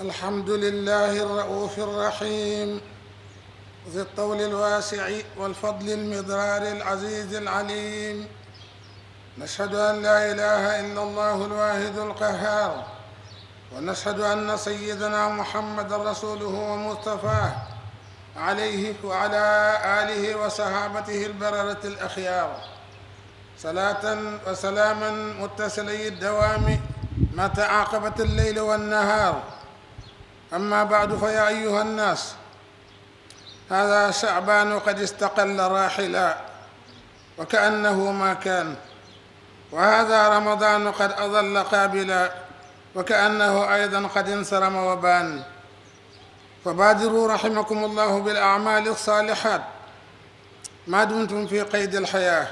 الحمد لله الرؤوف الرحيم ذي الطول الواسع والفضل المدرار العزيز العليم نشهد أن لا إله إلا الله الواحد القهار ونشهد أن سيدنا محمد رسوله ومصطفاه عليه وعلى آله وصحابته البررة الأخيار صلاة وسلاما متصلي الدوام ما تعاقبت الليل والنهار أما بعد فيا أيها الناس هذا شعبان قد استقل راحلا وكأنه ما كان وهذا رمضان قد أظل قابلا وكأنه أيضا قد انصرم وبان فبادروا رحمكم الله بالأعمال الصالحات ما دمتم في قيد الحياة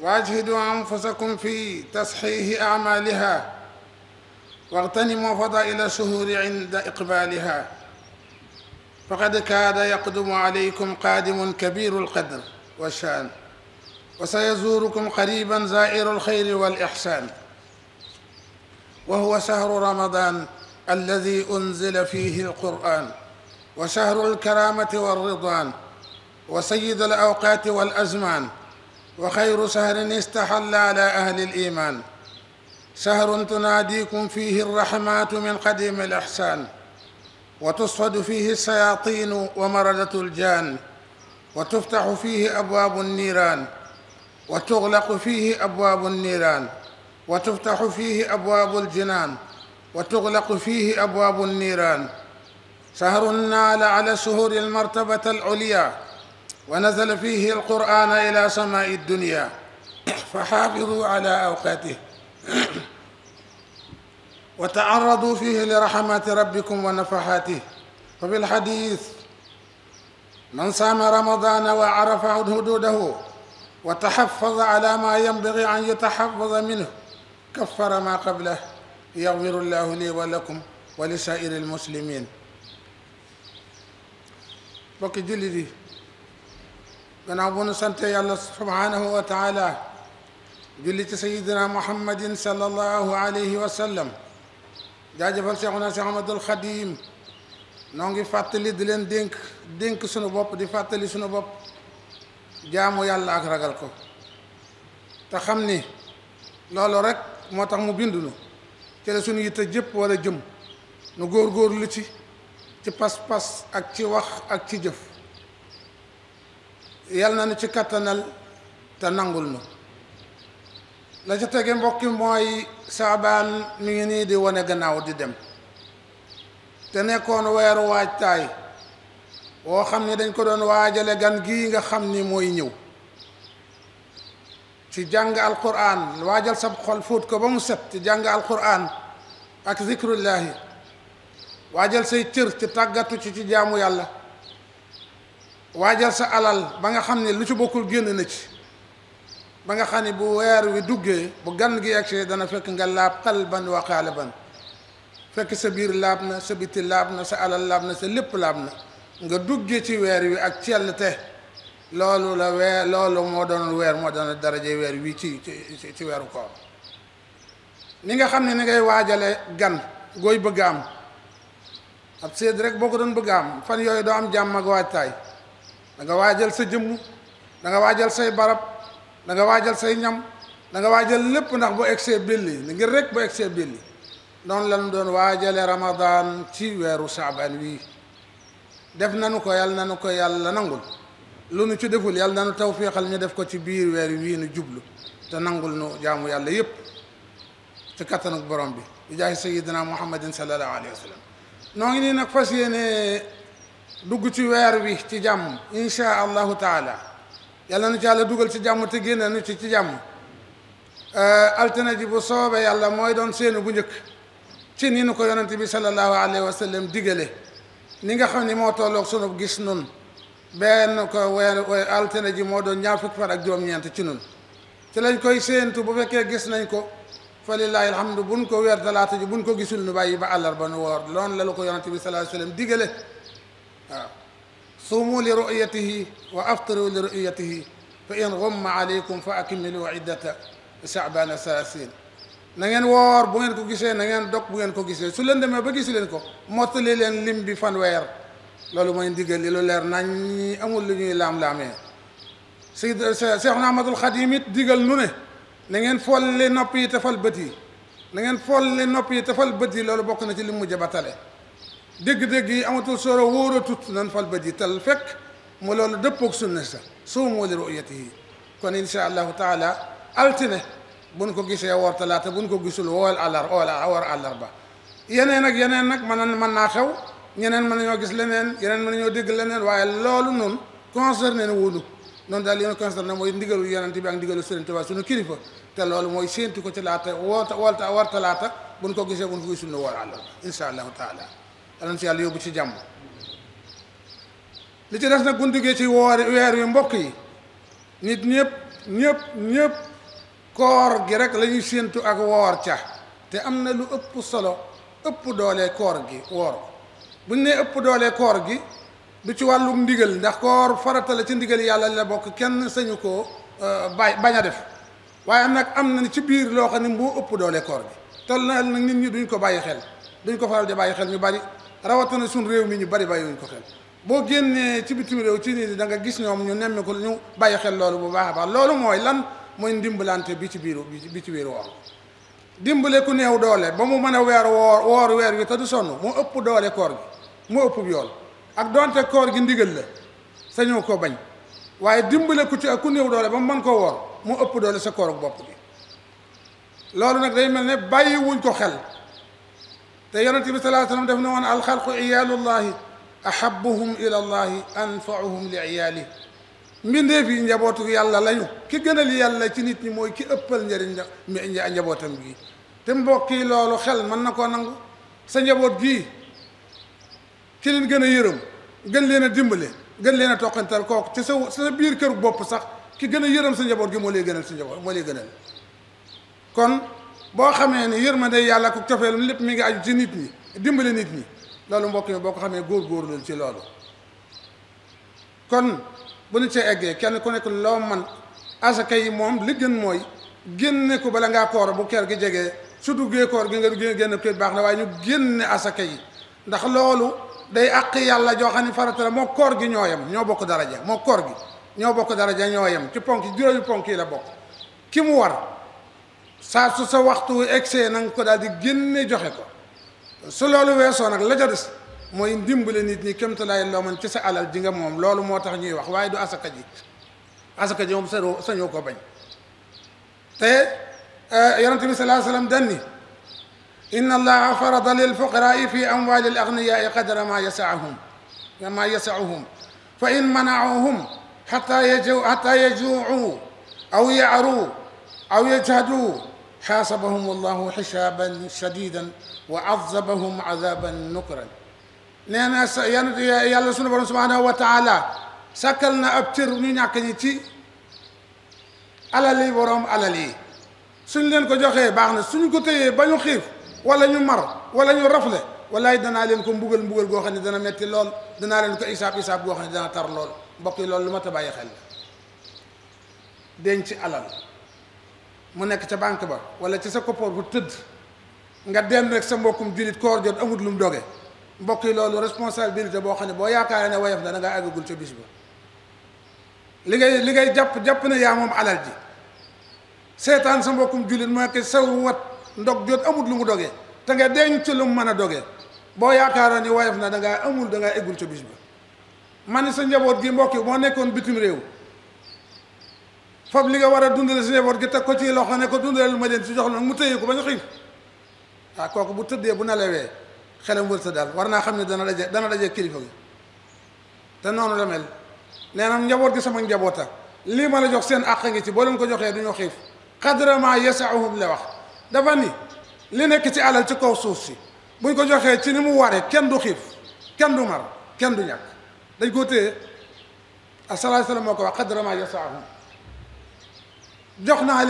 وأجهدوا أنفسكم في تصحيح أعمالها واغتنموا فضائل الشهور عند إقبالها فقد كاد يقدم عليكم قادم كبير القدر والشان وسيزوركم قريبا زائر الخير والإحسان وهو شهر رمضان الذي أنزل فيه القرآن وشهر الكرامة والرضوان وسيد الأوقات والأزمان وخير شهر استحل على أهل الإيمان شهر تناديكم فيه الرحمات من قديم الإحسان وتصفد فيه الشياطين ومردة الجان وتفتح فيه أبواب النيران وتغلق فيه أبواب النيران وتفتح فيه أبواب الجنان وتغلق فيه أبواب النيران شهر نال على شهور المرتبة العليا ونزل فيه القرآن إلى سماء الدنيا فحافظوا على أوقاته وتعرضوا فيه لرحمات ربكم ونفحاته ففي الحديث من صام رمضان وعرف حدوده وتحفظ على ما ينبغي أن يتحفظ منه كفر ما قبله يغفر الله لي ولكم ولسائر المسلمين بك جلدي من عبون سنت يالله سبحانه وتعالى جلدي سيدنا محمد صلى الله عليه وسلم جاج فلسيقنا سي عمد الخديم نونغي فاتلي دلين دينك دينك سنو بوب دي فاتلي سنو بوب جامو يالله أكرغلكو تخمني لولو رك موتاك مو بيندونو ci la suñu yitte jëpp war a jëm nu góorgóorlu ci ci pas-pas ak ci wax ak ci jëf yal na nu ci kattanal te nangul na la ca tege mbokki mooy saabaan mi ngi nii di wane gannaaw di dem te nekkoon weeru waajtaay woo xam ni dañ ko doon waajale gan gii nga xam ni mooy ñëw ci jàng alquran waajal sa xol fóot ko ba mu set ci jàng alquran ak zikrullahi waajal say cër ci tàggatu ci ci jaamu yàlla waajal sa alal ba nga xam ne lu ci bokkul génn na ci ba nga xam ne bu weer wi duggee bu gan gi egsi dana fekk nga laab qalban wa qaalaban fekk sa biir laab na sa biti laab na sa alal laab na sa lépp laab na nga duggee ci weer wi ak cellte loolu la weer loolu moo doon weer moo doon daraje weer wii ci ci ci weeru koor ni nga xam ne ni ngay waajale gan gooy bëgg am ab séed rek boo ko doon bëgg am fan yooyu doo am jàmm waajtaay danga waajal sa jëmm danga waajal say barab danga waajal say ñam danga waajal lépp ndax bu egsee ni ngir rek bu egsee billi noonu lañu doon waajale ramadan ci weeru saaban wii def nanu ko yàlla nanu ko yàlla nangul lu nu ci deful yàlla nanu tawféexal ñu def ko ci biir weer wii nu jublu te nangul nu jaamu yàlla yépp ci kattanuk borom bi bi jaay sayidina muhammadin sallallahu alayhi wa sallam noo ngi nii nag fas yéene dugg ci weer wi ci jàmm insha allahu taala yàlla nu ci yàlla dugal ci jàmm te génne nu ci ci jàmm altine ji bu soobee yàlla mooy doon seenu bu njëkk ci ni nu ko yonente bi sallallahu alayhi wa sallam digale ni nga xam ni moo tolloog sunub gis nun benn ko weer altine ji moo doon ñaar fukki fan ak juróom-ñeent ci nun ci lañ koy séentu bu fekkee gis nañ ko fa lillahi alhamdu buñ ko weer talaata ji buñ ko gisul nu bàyyi ba àllarba nu woor loolu la lu ko yonante bi sallallahu alayhi wasallam digale waaw suumu li ru'yatihi wa aftiru li ru'yatihi fa in ghumma alaykum fa akmilu iddata sha'bana salasin na ngeen woor bu ngeen ko gisee na ngeen dog bu ngeen ko gisee su leen demee ba gisu leen ko mottali leen lim bi fanweer loolu moy ndigal li lu leer nañ amul li nuy lam lamé sayyid cheikh Ahmadul khadim it digal nu ne na ngeen folli nopp yi te fal beuti na ngeen folli nopp yi te fal beuti yi bokk na ci limu mu mujj ba tale dégg-dégg yi amatul soro woro tut nan fal beuti yi tal fekk mu loolu dëppoog sunna sa so mo li ru'yati kon insha allah taala altine buñ ko gisee wor talaata buñ ko gisul wool alar awar alar ba yeneen ak yeneen nag mën man na xew ñeneen mën nañoo gis leneen yeneen mën nañoo dégg leneen waaye loolu noonu concerné na wóolu noonu daal li ñu concerné mooy ndigalu yonent bi ak ndigalu Sëriñ Tuubaa suñu kilifa te loolu mooy séentu ko ci laata woota walta war talaata buñ ko gisee buñ ko gisul nu war àllarba insha allahu taala alon si yàlla yóbbu ci jàmm li ci def nag buñ ci woor weer wi mbokk yi nit ñëpp ñëpp ñëpp koor gi rek la séentu ak woor ca te am na lu ëpp solo ëpp doole koor gi woor buñ nee ëpp doolee koor gi du ci wàllu ndigal ndax koor farata ci ndigal yàlla la bokk kenn sañu koo euh, bay bañ a def waaye nag am na ci biir loo xam ne moo ëpp doole koor gi tol na nit ñi duñ ko bàyyi xel duñ ko faral di bàyyi xel ñu bari rawatina suñ réew mi ñu bari bàyyiwuñ ko xel boo génnee ci bitim réew ci da nga gis ñoom ñu nemme ko ñu bàyyi xel loolu bu baax a baax loolu mooy lan mooy ndimbalante bi ci biiru bi ci biiru woor dimbale ku néew doolee ba mu mën a weer woor woor weer wi te du sonn mu ëpp doole koor gi moo ëpp yool ak donte koor gi ndigal la sañoo ko bañ waaye dimbale ku ci ak ku néew doole ba mu mën koo woor moo ëpp doole sa koor ak bopp gi loolu nag day mel ne bàyyi ko xel te yonent bi salaa sallam def na woon alxalqu iyaalullahi ahabuhum ila llahi anfauhum li iyaali mbindeef yi njabootu yàlla lañu ki gënal yàlla ci nit ñi mooy ki ëppal njëriñ njabootam gi te mbokk yi loolu xel mën na koo nangu sa njaboot gii ki leen gën a yërëm gën leen a dimbale gën leen a toqantal kooku ci sa sa biir këru bopp sax ki gën a yërëm si njaboot gi moo lay gënal sa njaboot moo lay kon boo xamee ne yërmande yàlla ku cofeelam lépp mi ngi aju ci nit dimbale nit ñi loolu mbokk mi boo ko xamee góorgóorlu ci loolu kon bu ñu ci eggee kenn ku nekk loo man asaka yi moom li gën mooy génne ko bala ngaa koor bu ker gi jegee su duggee koor gi nga duggee génn ko baax na waaye ñu génne asaka yi ndax loolu day àq yàlla joo xam ne farata moo koor gi ñoo yem ñoo bokk daraja moo koor gi ñoo bokk daraja ñoo yem ci ponk juróomi ponk yi la bokk ki mu war saa su sa waxtu excès na nga ko daal di génne joxe ko su loolu weesoo nag la ca des mooy ndimbale nit ñi kémtalaay loo man ci sa alal ji nga moom loolu moo tax ñuy wax waaye du asaka ji asaka ji moom sañoo ko bañ te eh, yonente bi sallallahu alayhi wasallam danni إن الله فرض للفقراء في أموال الأغنياء قدر ما يسعهم ما يسعهم فإن منعوهم حتى يجوا حتى يجوعوا أو يعروا أو يجهدوا حاسبهم الله حسابا شديدا وعذبهم عذابا نكرا لأن يا سونو الله سبحانه وتعالى سكلنا ابتر من نياك على لي ورم على لي سنلين لين بعنا جوخي باخنا خيف wala ñu mar wala ñu rafle wallaay danaa leen ko mbugal mbugal goo xam ne dana metti lool danaa leen ko isaab isaab goo xam ne dana tar lool mbokk yi loolu lu ma ta bàyyi xel denc alal mu nekk ca banque ba wala ci sa koppoor bu tëdd nga dend rek sa mbokkum jullit koor jot amut lu mu doge mbokk yi loolu responsabilité boo xam ne boo yaakaaree ne woyof na da ngaa àggagul ca bis ba li ngay li ngay jàpp jàpp ne yaa moom alal ji seetaan sa mbokkum jullit mu nekk saw wat ndok jot amul lu mu doge te nga denc lu mu meuna doge bo boo wayef na da nga amul da nga egul ci bis man sa njabot gi mbokki yi nekkon nekkoon bitim réew fab li nga wara dundal sa njabot gi teg ko ci loxo ne ko dundal ma leen ci jox lu mu tëye ko bañ xif xiif koku bu tedde bu nalewé xelam wul sa dal warna xamni dana daje dana daje kilifa gi te nonu la mel nee njabot gi sama njabota li ma la jox sen ak nga ci bo len ko joxe duñu xif qadra ma yas'uhum la wax dafani li nek ci alal ci kaw suuf si buñ ko joxe ci ni mu waree kenn du xif kèn du mar kèn du ñak dañ ko téye assalamu alaykum moo wax qadra ma yasaahum jox naa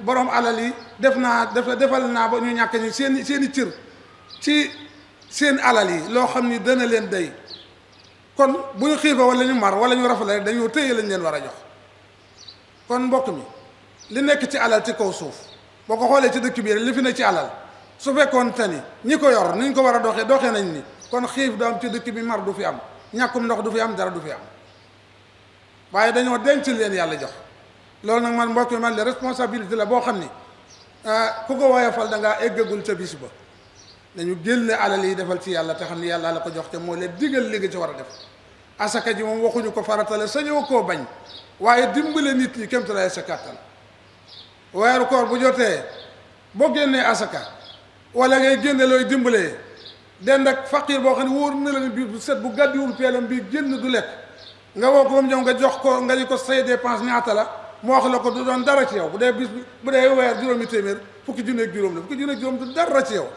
borom alal yi def naa defal naa ba ñu ñàkk ñi seen seen i ci seen alal yi loo xam dana leen day kon bu ñu wala ñu mar wala ñu rafale rek dañoo lañ leen war jox kon mbokk mi li nekk ci alal ci kaw suuf boko xolé ci dëkk bi li fi ne ci alal su fekkon tane ni ko yor niñ ko wara doxé doxé nañ ni kon xif do am ci dëkk bi mar du fi am ñakum ndox du fi am dara du fi am waye dañu denc leen yàlla jox lool nak man mbokk man le responsabilité la bo xamni euh ku ko woyofal da nga eggagul ci bis ba dañu génne alal yi defal ci yàlla te xamni yàlla la ko jox te mo le digël li nga ci wara def asaka ji mom waxuñu ko faratale sañu ko bañ waye dimbale nit ñi kémtu lay sa katan weeru koor bu jotee boo génnee asaka wala ngay génne looy dimbalee dend ak faqir boo xam ne wóor na la ne bu set bu gàddiwul peelam bi génn du lekk nga woo ko ba ñëw nga jox ko nga ñu ko say dépense ñaata la mu wax la ko du doon dara ci yow bu dee bis bu dee weer juróomi téeméer fukki junneeg juróom la fukki junneeg juróom du dara ci yow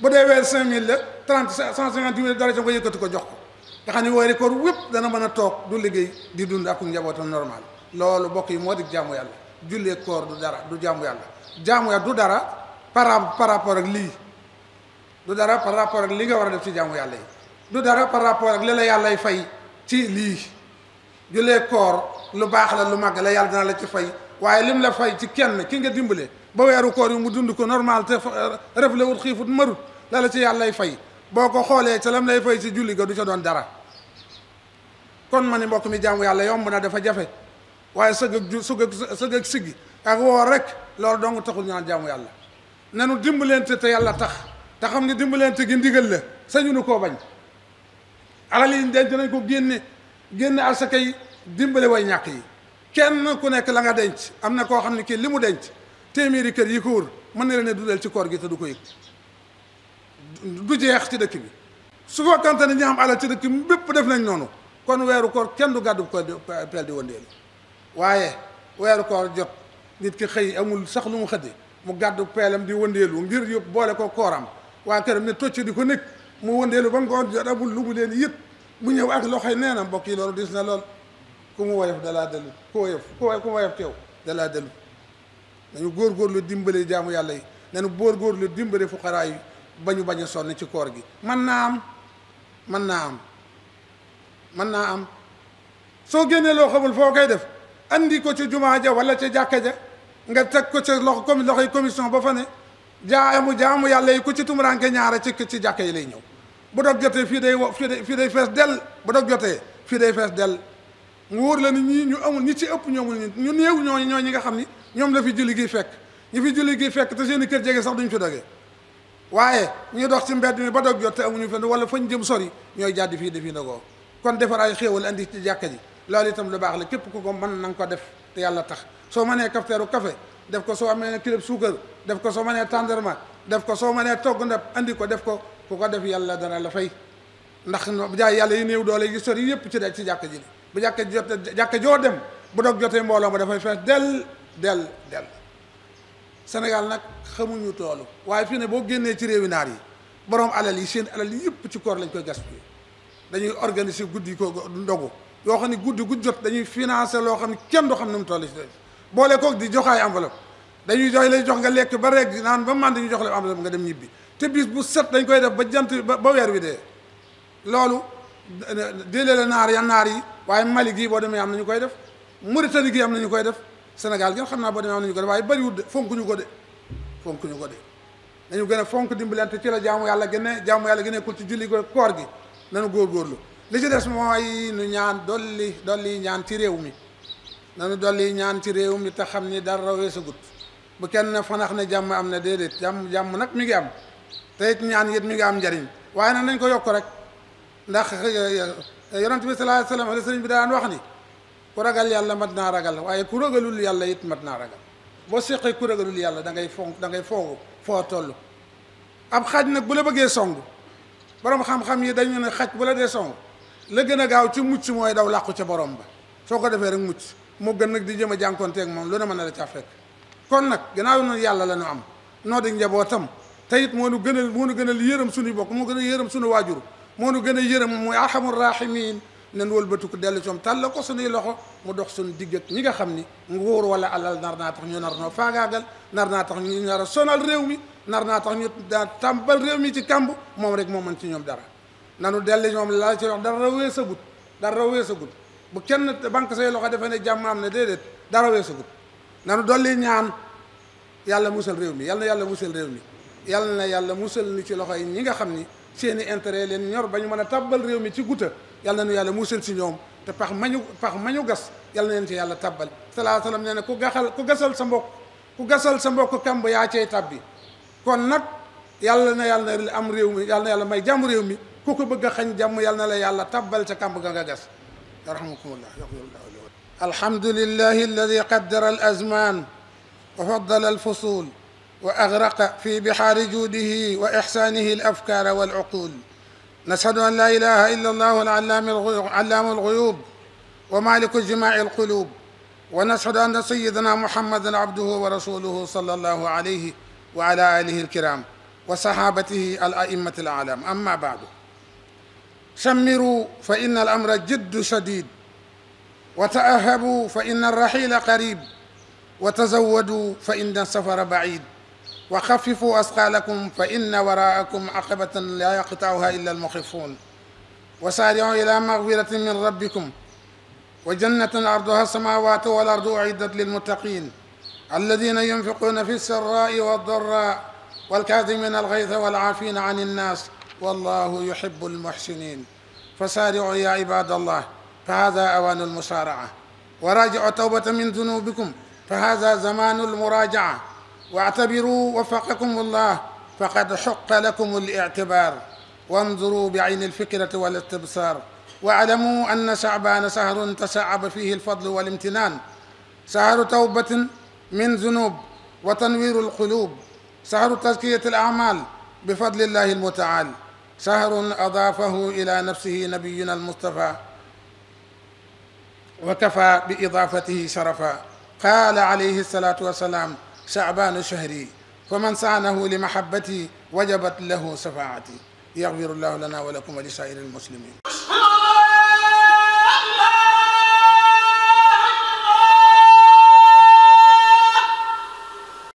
bu dee weer cinq mille la trente cent cinquante mille dara ci yow nga yëkkati ko jox ko nga xam ne weeri koor wépp dana mën a toog du liggéey di dund ak njabootam normal loolu bokk yi moo di jaamu yàlla jullee koor du dara du jaamu yàlla jaamu yàlla du dara par par rapport ak lii du dara par rapport ak lii nga war a def ci jaamu yàlla yi du dara par rapport ak li la yàllay fay ci lii jullee koor lu baax la lu màgg la yàlla dina la ci fay waaye lim la fay ci kenn ki nga dimbale ba weeru koor yi mu dund ko normal te euh, refle wut xiifut marut la la ci yàllay fay boo ko xoolee ca lam lay fay ci julli ga du ca doon dara kon ma ni mbokk mi jaamu yàlla yomb na dafa jafe waaye sëgg ak ju sëgg ak sëgg siggi ak woo rek loolu dong taxul ñaan jaamu yàlla nanu dimbalante te yàlla tax te xam ne dimbalante gi ndigal la sañu nu koo bañ alal yi denc nañ ko génne génne asaka yi dimbale way ñàkk yi kenn ku nekk la nga denc am na koo xam ne kii li mu denc téeméeri kër yi ko wër mën na leen a dundal ci koor gi te du ko yëg du jeex ci dëkk bi su fekkante ne ñu am alal ci dëkk bi bépp def nañ noonu kon weeru koor kenn du gàddu ko pel di waaye weeru koor jot nit ki xëy amul sax lu mu xëdde mu gàddu peelam di wëndeelu ngir yóbbu boole ko kooram waa këram ne tocc di ko nekk mu wëndeelu ba ngoon jot amul lu mu leen yëpp mu ñëw ak loxoy nee na mbokk yi loolu dis na lool ku mu woyof dalaa dellu ku woyof ku ku woyof teew dalaa dellu nañu góorgóorlu dimbale jaamu yàlla yi nañu góorgóorlu dimbale fuqaraa yi ba ñu bañ a sonn ci koor gi man naa am man naa am man naa am soo génnee loo xamul foo koy def andi ko ci jumaa ja wala ca jàkka ja nga teg ko ca loxo com loxoy commission ba fa ne jaamu jaamu yàlla yi ko ci tumuranke ñaara ci ci jàkka yi lay ñëw bu dog jotee fii day wo fii fii day fees dell bu dog jotee fii day fees dell mu wóor la ni ñii ñu amul ñi ci ëpp ñoomul ñu ñu néew ñoo ñoo ñi nga xam ni ñoom la fi julli gi fekk ñu fi julli gi fekk te seeni kër jege sax duñ fi dogee waaye ñu dox ci mbedd mi ba dog jot te amuñu fenn wala ñu jëm sori ñooy jàddi fii defi ndogoo kon defar ay xéewal andi ci jàkka ji لولي تم لو باخ لا كيب كوكو مان نانكو ديف تي يالا تاخ سو ماني كافتيرو كافي ديف كو سو ماني كليب سوكر ديف كو سو ماني تاندرما ديف كو سو ماني توغ نيب اندي كو ديف كو كوكو ديف يالا دانا لا فاي ناخ بجا يالا ي نيو دولي جي سوري ييب تي داتي جاك جي بو جاك جوت جاك جو ديم بو دوك جوتي مبولو ما دا فاي فاس ديل ديل ديل سنغال ناك خمو نيو تولو واي في ني بو генي تي ريوي نار يي بروم علال يي كو دوغو yoo xam ne guddi gu jot dañuy financé loo xam ne kenn du xam ne mu toll si boole koog di jox ay enveloppe dañuy jox lay jox nga lekk ba rek naan ba man dañuy jox la enveloppe nga dem ñibbi te bis bu set dañ koy def ba jant ba weer wi dee loolu déedéet la naar ya naar yi waaye Mali gii boo demee am na ñu koy def Mauritanie gii am na ñu koy def Sénégal gi xam naa boo demee am na ñu koy def waaye bëriwul de fonkuñu ko de fonkuñu ko de nañu gën a fonk dimbalante ci la jaamu yàlla gën a jaamu yàlla gën a kul ci julli ko koor gi nañu góorgóorlu li ci des mooy nu ñaan dolli dolli ñaan ci réew mi nanu dolli ñaan ci réew mi te xam ni dara weesagut bu kenn fanax ne jàmm am na déedéet jàmm jàmm nag mi ngi am te it ñaan yit mi ngi am njariñ waaye nag nañ ko yokk rek ndax eh, eh, eh, yonent bi sallallahu alayhi wasallam sëriñ bi daan wax ni ku ragal yàlla mat naa ragal waaye ku ragalul yàlla it mat naa ragal boo seqee ku ragalul yàlla dangay fonk da ngay foogu foo toll ab xaj nag bu la bëggee song borom xam-xam yi dañu n xaj bu la dee song la gën a gaaw ci mucc mooy daw làqu ca borom ba soo defee rek mucc moo gën nag di jëm a jànkonteeg moom lu ne mën na la caa fekk kon nag gannaaw na yàlla la ñu am noo di njabootam te it moo nu gën a moo nu gën a yërëm suñu bokk moo gën a yërëm suñu waajur moo nu gën a yërëm mooy arhamur rahimin nen wëlbatiku dellu ci moom tàll ko suñuy loxo mu dox suñu digg ak ñi nga xam ni nguur wala alal nar naa tax ñu nar noo faagaagal nar naa tax ñu nar a sonal réew mi naa tax ñu daa tàmbal réew mi ci kàmb moom rek moo mën ci ñoom dara nanu delli ñoom laa ci wax dara weesagut dara weesagut bu kenn banque say loxo defe ne jàmmaam na ne déedéet dara gut nanu dolli ñaan yàlla musal réew mi yàlla na yàlla musal réew mi yàlla na yàlla musal ni ci loxo yi ñi nga xam ni seeni intérêt leen ñor ba ñu mën a tàbbal réew mi ci guta yàlla na nu yàlla musal ci ñoom te pax mañu pax mañu gas yàlla na leen ci yàlla tàbbal salaa salaam nee na ku gaxal ku gasal sa mbokk ku gasal sa mbokk kamb yaa cey tàbbi kon nag yàlla na yàlla am réew mi yàlla na yàlla may jàmm réew mi كوكو بغا خن جام يالنا لا يالا تبال تا كام بغا غاس يرحمكم الله الحمد لله الذي قدر الازمان وفضل الفصول واغرق في بحار جوده واحسانه الافكار والعقول نشهد ان لا اله الا الله العلام الغيوب علام الغيوب ومالك جماع القلوب ونشهد ان سيدنا محمدا عبده ورسوله صلى الله عليه وعلى اله الكرام وصحابته الائمه الاعلام اما بعد سمروا فإن الأمر جد شديد وتأهبوا فإن الرحيل قريب وتزودوا فإن السفر بعيد وخففوا أثقالكم فإن وراءكم عقبة لا يقطعها إلا المخفون وسارعوا إلى مغفرة من ربكم وجنة عرضها السماوات والأرض أعدت للمتقين الذين ينفقون في السراء والضراء والكاظمين الغيث والعافين عن الناس والله يحب المحسنين فسارعوا يا عباد الله فهذا أوان المسارعة وراجعوا توبة من ذنوبكم فهذا زمان المراجعة واعتبروا وفقكم الله فقد حق لكم الاعتبار وانظروا بعين الفكرة والاستبصار واعلموا أن شعبان سهر تشعب فيه الفضل والامتنان سهر توبة من ذنوب وتنوير القلوب سهر تزكية الأعمال بفضل الله المتعال شهر أضافه إلى نفسه نبينا المصطفى وكفى بإضافته شرفا قال عليه الصلاة والسلام شعبان شهري فمن سانه لمحبتي وجبت له شفاعتي يغفر الله لنا ولكم ولسائر المسلمين